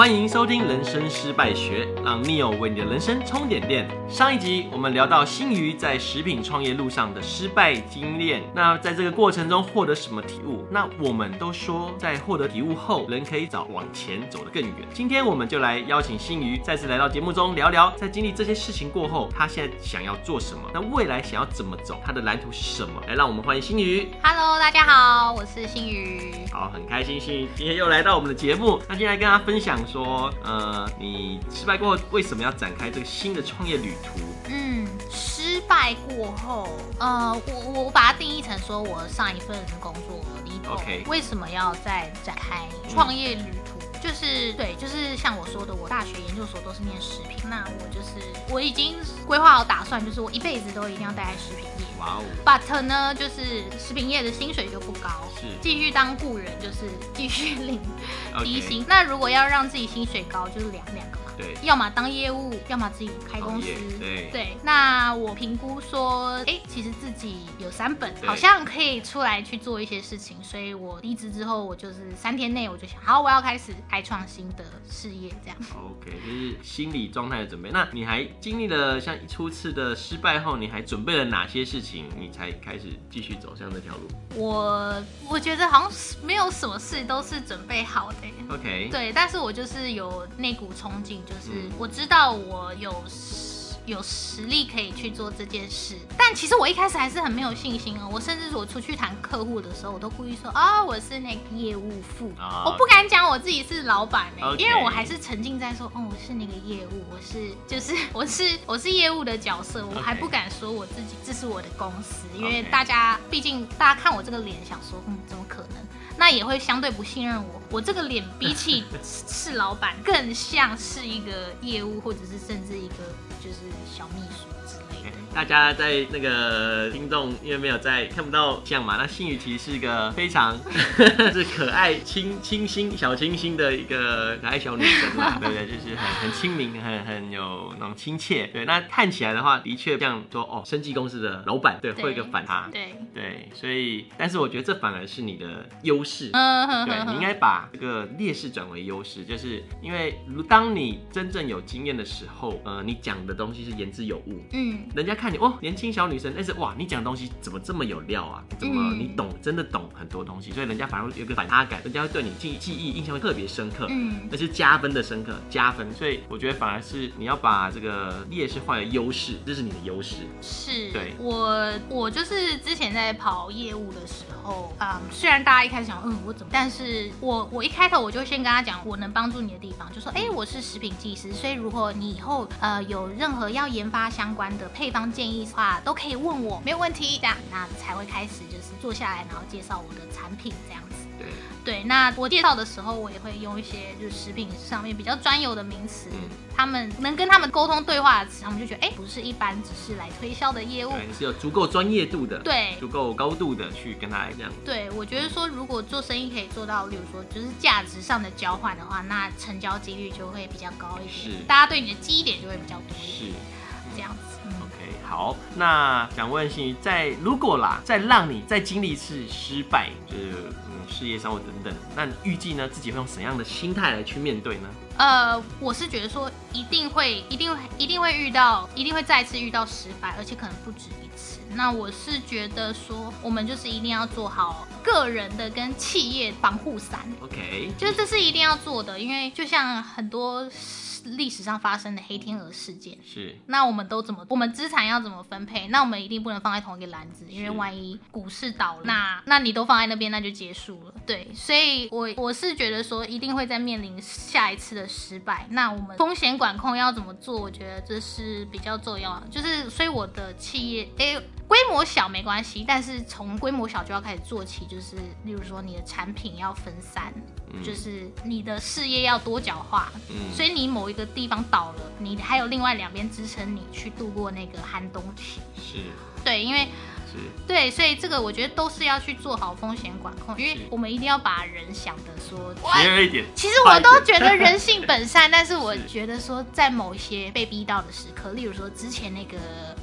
歡迎收聽《人生失敗學》，讓 NEO 為你的人生充點電。上一集我們聊到新余在食品創業路上的失敗經驗，那在這個過程中獲得什麼體悟？那我們都說，在獲得體悟後，人可以早往前走得更遠。今天我們就來邀請新余再次來到節目中，聊聊在經歷這些事情過後，她現在想要做什麼？那未來想要怎麼走？她的藍圖是什麼？來，讓我們歡迎新余。Hello，大家好，我是新余。好，很開心新余今天又來到我們的節目。那今天來跟大家分享。說，呃，你失敗過後，為什麼要展開這個新的創業旅途？嗯，失敗過後，呃，我我把它定義成說，我上一份工作了，你 Okay. 為什麼要再展開創業旅途，嗯？就是對，就是像我說的，我大學研究所，都是念食品，那我就是我已經規劃好打算，就是我一輩子都一定要待在食品業。哇哦 Wow.！But 呢，就是食品業的薪水就不高，是繼續當僱人，就是繼續領低薪。Okay. 那如果要讓自己薪水高，就是兩兩個嘛。對要麼當業務，要麼自己開公司。對，對，那我評估說，哎，其實自己有三本，好像可以出來去做一些事情。對所以我離職之後，我就是三天內我就想，好，我要開始開創新的事業這樣。OK，這是心理狀態的準備。那你還經歷了像初次的失敗後，你還準備了哪些事情，你才開始繼續走向這條路？我我覺得好像是沒有什麼事都是準備好的、欸。OK，對，但是我就是有那股衝勁。就是我知道我有實有實力可以去做這件事，但其實我一開始還是很沒有信心啊。我甚至我出去談客戶的時候，我都故意說啊，我是那個業務副，我不敢講我自己是老闆呢，因為，我還是沉浸在說，哦，我是那個業務，我是就是我是我是業務的角色，我還不敢說我自己這是我的公司，因為大家畢竟大家看我這個臉，想說，嗯，怎麼可能？那也會相對不信任我。我這個臉比起是老闆，更像是一個業務，或者是甚至一個就是小秘書之類的，欸。大家在那個聽眾因為沒有在看不到像嘛，那 Yulin 其實是一個非常呵呵是可愛清清新小清新的一個可愛小女生嘛，對不對？就是很很親民，很很，很有那種親切。對，那看起來的話，的確像說哦，生技公司的老闆，對，對，會一個反差，對、對、對。所以，但是我覺得這反而是你的優勢，uh, 對，呵呵你應該把。這個劣勢轉為優勢，就是因為如當你真正有經驗的時候，呃，你講的東西是言之有物。嗯，人家看你哦，年輕小女生，但是哇，你講的東西怎麼這麼有料啊？怎麼你懂，嗯、真的懂很多東西，所以人家反而有個反差感，人家會對你記憶記憶印象會特別深刻。嗯，那是加分的深刻，加分。所以我覺得反而是你要把這個劣勢換為優勢，這是你的優勢。是，對，我我就是之前在跑業務的時候，啊、嗯，雖然大家一開始想，嗯，我怎麼，但是我我一開頭我就先跟他講，我能幫助你的地方，就說，哎、欸，我是食品技師，所以如果你以後呃有任何要研發相關的配方建議的話，都可以問我，沒有問題的，這樣，那才會開始就是坐下來，然後介紹我的產品這樣子。對，那我介紹的時候，我也會用一些就是食品上面比較專有的名詞，嗯、他們能跟他們溝通對話的詞，他們就覺得哎、欸，不是一般只是來推銷的業務，肯定是有足夠專業度的，對，足夠高度的去跟他來這樣。對，我覺得說如果做生意可以做到，比如說就是價值上的交換的話，那成交幾率就會比較高一點，是大家對你的記憶點就會比較多一點，是這樣子。嗯、OK，好，那想問一下，在如果啦，在讓你再經歷一次失敗，就是。事業、生活等等，那你預計呢？自己會用怎樣的心態來去面對呢？呃，我是覺得說一定會、一定、一定會遇到，一定會再次遇到失敗，而且可能不止一次。那我是覺得說，我們就是一定要做好個人的跟企業防護傘。OK，就是這是一定要做的，因為就像很多。歷史上發生的黑天鵝事件是，那我們都怎麼，我們資產要怎麼分配？那我們一定不能放在同一個籃子，因為萬一股市倒了，是那那你都放在那邊，那就結束了。對，所以我我是覺得說一定會再面臨下一次的失敗。那我們風險管控要怎麼做？我覺得這是比較重要，就是所以我的企業、欸規模小沒關係，但是從規模小就要開始做起，就是例如說你的產品要分散，嗯、就是你的事業要多角化，嗯、所以你某一個地方倒了，你還有另外兩邊支撐你去度過那個寒冬期。是。對，因為是對，所以這個我覺得都是要去做好風險管控，因為我們一定要把人想的說，是 What? 一點。其實我都覺得人性本善，但是我覺得說在某一些被逼到的時刻， 是例如說之前那個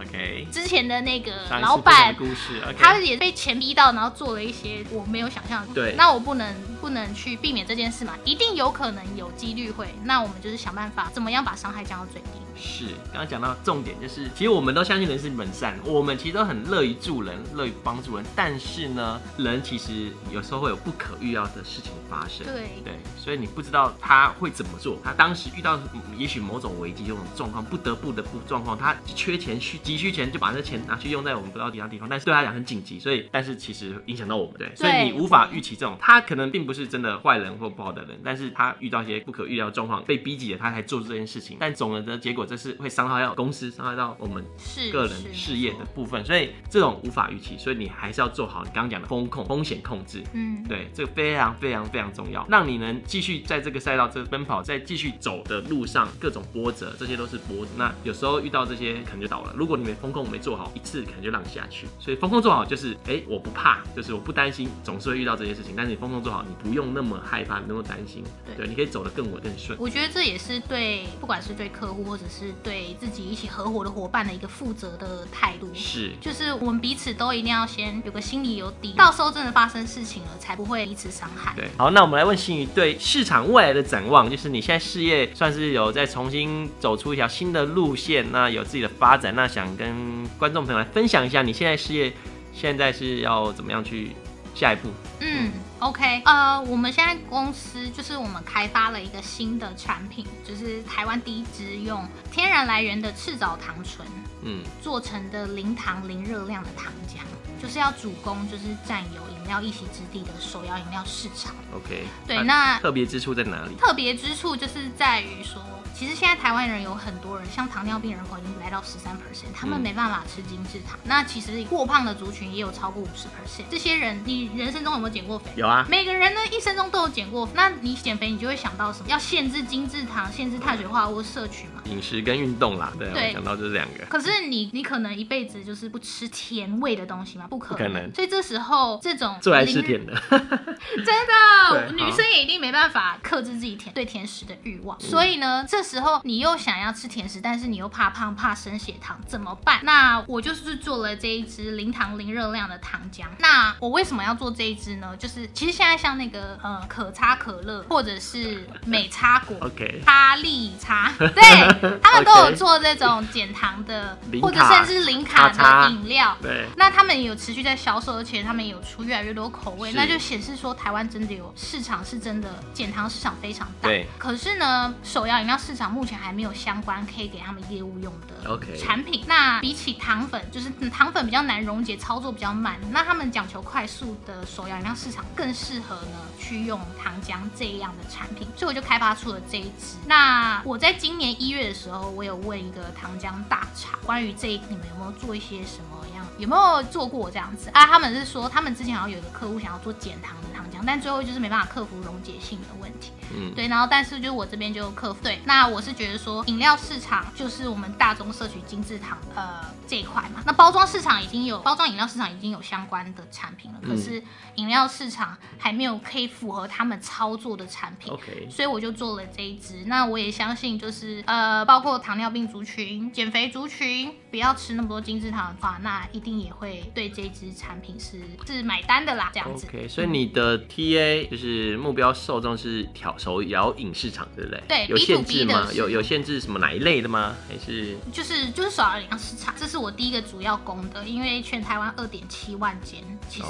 ，OK，之前的那個老闆故事，okay，他也被錢逼到，然後做了一些我沒有想象的。對，那我不能。不能去避免這件事嘛，一定有可能有幾率會。那我們就是想辦法，怎麼樣把傷害降到最低。是，剛剛講到重點就是，其實我們都相信人是本善，我們其實都很樂於助人，樂於幫助人。但是呢，人其實有時候會有不可預料的事情發生。對對，所以你不知道他會怎麼做。他當時遇到也許某種危機、這種狀況，不得不的不狀況，他缺錢、需急需錢，就把這錢拿去用在我們不到其他地方。但是對他來講很緊急，所以但是其實影響到我們，對。對所以你無法預期這種，okay. 他可能並不。不是真的壞人或不好的人，但是他遇到一些不可預料的狀況，被逼急了，他才做這件事情。但總的的結果，這是會傷害到公司，傷害到我們個人事業的部分。是是，所以這種無法預期，所以你還是要做好你剛剛講的風控風險控制。嗯，對，這個非常非常非常重要，讓你能繼續在這個賽道這個、奔跑，在繼續走的路上各種波折，這些都是波。那有時候遇到這些可能就倒了。如果你們風控沒做好，一次可能就讓你下去。所以風控做好就是，哎、欸，我不怕，就是我不擔心，總是會遇到這些事情。但是你風控做好，你。不用那麼害怕，那麼擔心。對，對你可以走得更穩更順。我覺得這也是對，不管是對客戶或者是對自己一起合夥的伙伴的一個負責的態度。是，就是我們彼此都一定要先有個心裡有底，到時候真的發生事情了，才不會彼此傷害。對，好，那我們來問新宇對市場未來的展望，就是你現在事業算是有在重新走出一條新的路線，那有自己的發展，那想跟觀眾朋友來分享一下你現在事業現在是要怎麼樣去。下一步，嗯，嗯，OK，呃，我們現在公司就是我們開發了一個新的產品，就是台灣第一支用天然來源的赤藻糖醇，嗯，做成的零糖零熱量的糖漿。就是要主攻，就是佔有飲料一席之地的首要飲料市場。OK，對，啊、那特別之處在哪裡？特別之處就是在於說，其實現在台灣人有很多人，像糖尿病人口已經不來到十三 percent，他們、嗯、沒辦法吃精緻糖。那其實過胖的族群也有超過五十 percent，這些人，你人生中有沒有減過肥？有啊，每個人呢一生中都有減過。那你減肥，你就會想到什麼？要限制精緻糖，限制碳水化合物攝取嘛。飲食跟運動啦。對，對想到這兩個。可是你，你可能一輩子就是不吃甜味的東西嘛。不可能，可能所以這時候這種最愛吃甜的， 真的，對女生也一定沒辦法克制自己甜對甜食的慾望。嗯、所以呢，這時候你又想要吃甜食，但是你又怕胖、怕升血糖，怎麼辦？那我就是做了這一支零糖零熱量的糖漿。那我為什麼要做這一支呢？就是其實現在像那個呃、嗯、可差可樂或者是美差果，OK，哈利差，對 Okay. 他們都有做這種減糖的，卡或者甚至零卡的飲料叉叉。對，那他們有。持續在銷售，而且他們有出越來越多口味，是那就顯示說台灣真的有市場，是真的減糖市場非常大。對。可是呢，手搖飲料市場目前還沒有相關可以給他們業務用的產品。Okay. 那比起糖粉，就是糖粉比較難溶解，操作比較慢。那他們講求快速的，手搖飲料市場更適合呢去用糖漿這樣的產品。所以我就開發出了這一支。那我在今年一月的時候，我有問一個糖漿大廠，關於這個，你們有沒有做一些什麼？有沒有做過這樣子啊？他們是說，他們之前好像有一個客戶想要做減糖的糖漿，但最後就是沒辦法克服溶解性的問題。嗯，對，然後但是就是我這邊就克服。對，那我是覺得說，飲料市場就是我們大宗攝取精致糖呃這一塊嘛。那包裝市場已經有包裝飲料市場已經有相關的產品了，可是飲料市場還沒有可以符合他們操作的產品。OK，嗯，所以我就做了這一支。那我也相信，就是呃，包括糖尿病族群、減肥族群，不要吃那麼多精致糖的話，啊，那一。定也會對這支產品是是買單的啦，這樣子。OK，所以你的 TA 就是目標受眾是挑手搖飲市場，對不對？對，有限制嗎？B2B 有有限制什麼哪一類的嗎？還是就是就是手搖飲市場，這是我第一個主要攻的，因為全台灣二點七萬間，其實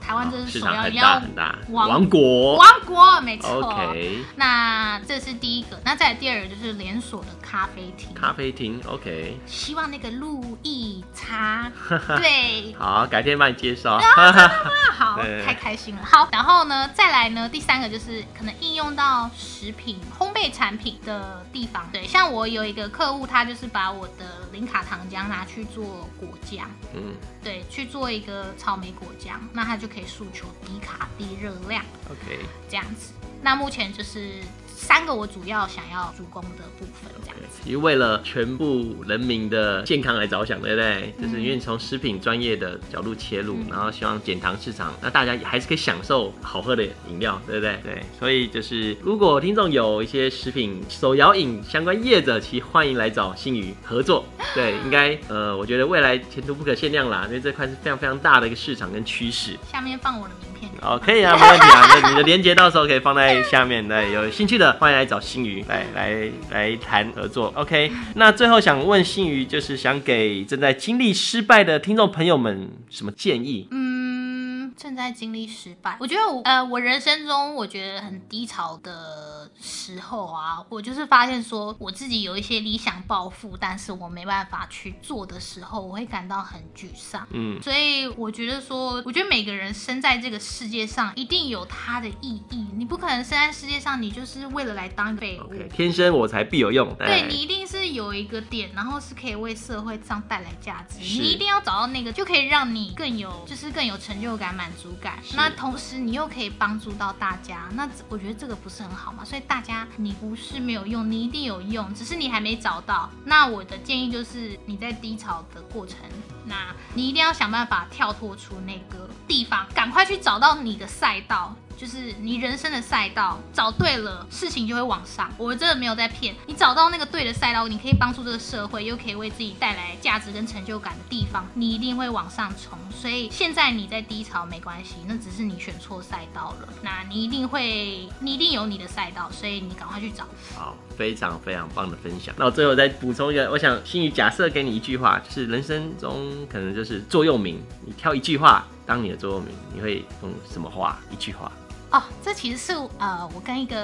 台灣這是手搖飲、哦、市場很大很大王國王國，沒錯、哦。OK，那這是第一個，那再來第二個就是連鎖的咖啡廳，咖啡廳 OK，希望那個路易莎。 對，好，改天幫你介紹、啊啊啊啊。好， 太開心了。好，然後呢，再來呢，第三個就是可能應用到食品烘焙產品的地方。對，像我有一個客戶，他就是把我的零卡糖漿拿去做果醬。嗯，對，去做一個草莓果醬，那他就可以訴求低卡低熱量。OK，這樣子。那目前就是。三個我主要想要主攻的部分，這樣子，其、okay. 為了全部人民的健康來着想，對不對？嗯、就是因為從食品專業的角度切入，嗯、然後希望減糖市場，那大家也還是可以享受好喝的飲料，對不對？對，所以就是如果聽眾有一些食品手搖飲相關業者，其實歡迎來找新宇合作。對，應該呃，我覺得未來前途不可限量啦，因為這塊是非常非常大的一個市場跟趨勢。下面放我的名片。哦，可以啊，沒問題啊。那你的鏈接到時候可以放在下面，對，有興趣的歡迎來找新魚來來來談合作。OK，那最後想問新魚，就是想給正在經歷失敗的聽眾朋友們什麼建議？嗯，正在經歷失敗，我覺得我呃，我人生中我覺得很低潮的。時候啊，我就是發現說我自己有一些理想抱負，但是我沒辦法去做的時候，我會感到很沮喪。嗯，所以我覺得說，我覺得每個人生在這個世界上一定有它的意義，你不可能生在世界上，你就是為了來當一個被。對，okay, 天生我才必有用。對，你一定是有一個點，然後是可以為社會上帶來價值。是你一定要找到那個，就可以讓你更有，就是更有成就感、滿足感。是那同時你又可以幫助到大家，那我覺得這個不是很好嘛，所以。大家，你不是沒有用，你一定有用，只是你還沒找到。那我的建議就是，你在低潮的過程，那你一定要想辦法跳脫出那個地方，趕快去找到你的賽道。就是你人生的賽道找對了，事情就會往上。我真的沒有在騙你，找到那個對的賽道，你可以幫助這個社會，又可以為自己帶來價值跟成就感的地方，你一定會往上衝。所以現在你在低潮沒關係，那只是你選錯賽道了。那你一定會，你一定有你的賽道，所以你趕快去找。好，非常非常棒的分享。那我最後再補充一個，我想心語假設給你一句話，就是人生中可能就是座右銘，你挑一句話當你的座右銘，你會用什麼話？一句話。哦，這其實是呃，我跟一個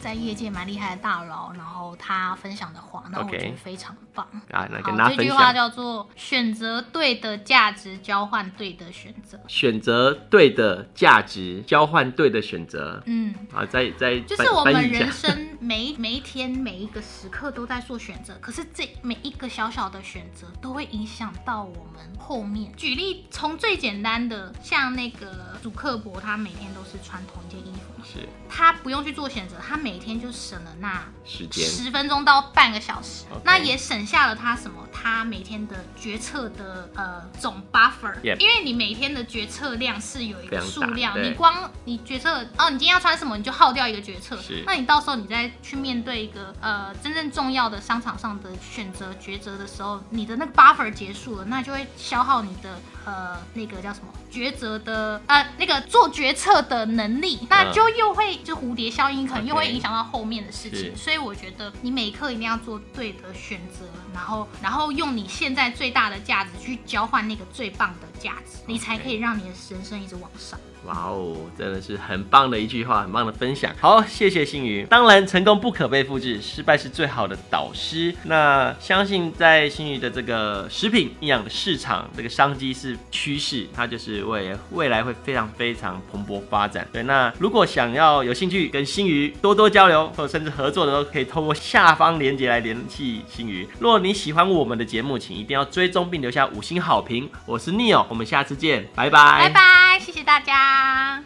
在業界蠻厲害的大佬，然後他分享的話，那我覺得非常棒啊。Okay. 好，來這句話叫做“選擇對的價值交換，對的選擇”。選擇對的價值交換，對的選擇。嗯，啊，在在，就是我們人生。 每每一天，每一個時刻都在做選擇，可是這每一個小小的選擇都會影響到我們後面。舉例，從最簡單的，像那個祖克伯，他每天都是穿同一件衣服嘛，是他不用去做選擇，他每天就省了那十分鐘到半個小時，時間那也省下了他什麼？他每天的決策的呃總 buffer，Yep 因為你每天的決策量是有一個數量，你光你決策哦，你今天要穿什麼，你就耗掉一個決策，是那你到時候你再去面對一個呃真正重要的商場上的選擇抉擇的時候，你的那個 buffer 結束了，那就會消耗你的呃那個叫什麼抉擇的呃那個做決策的能力，那就又會就蝴蝶效應可能又會影響到後面的事情。Okay. 所以我覺得你每一刻一定要做對的選擇，是然後然後用你現在最大的價值去交換那個最棒的價值，Okay. 你才可以讓你的人生一直往上。哇哦，wow, 真的是很棒的一句話，很棒的分享。好，謝謝新宇。當然，成功不可被複製，失敗是最好的導師。那相信在新宇的這個食品營養的市場，這個商機是趨勢，它就是為未來會非常非常蓬勃發展。對，那如果想要有興趣跟新宇多多交流，或甚至合作的時候，都可以通過下方鏈接來聯繫新宇。如果你喜歡我們的節目，請一定要追蹤並留下五星好評。我是 Neo，我們下次見，拜拜，拜拜，謝謝大家。啊。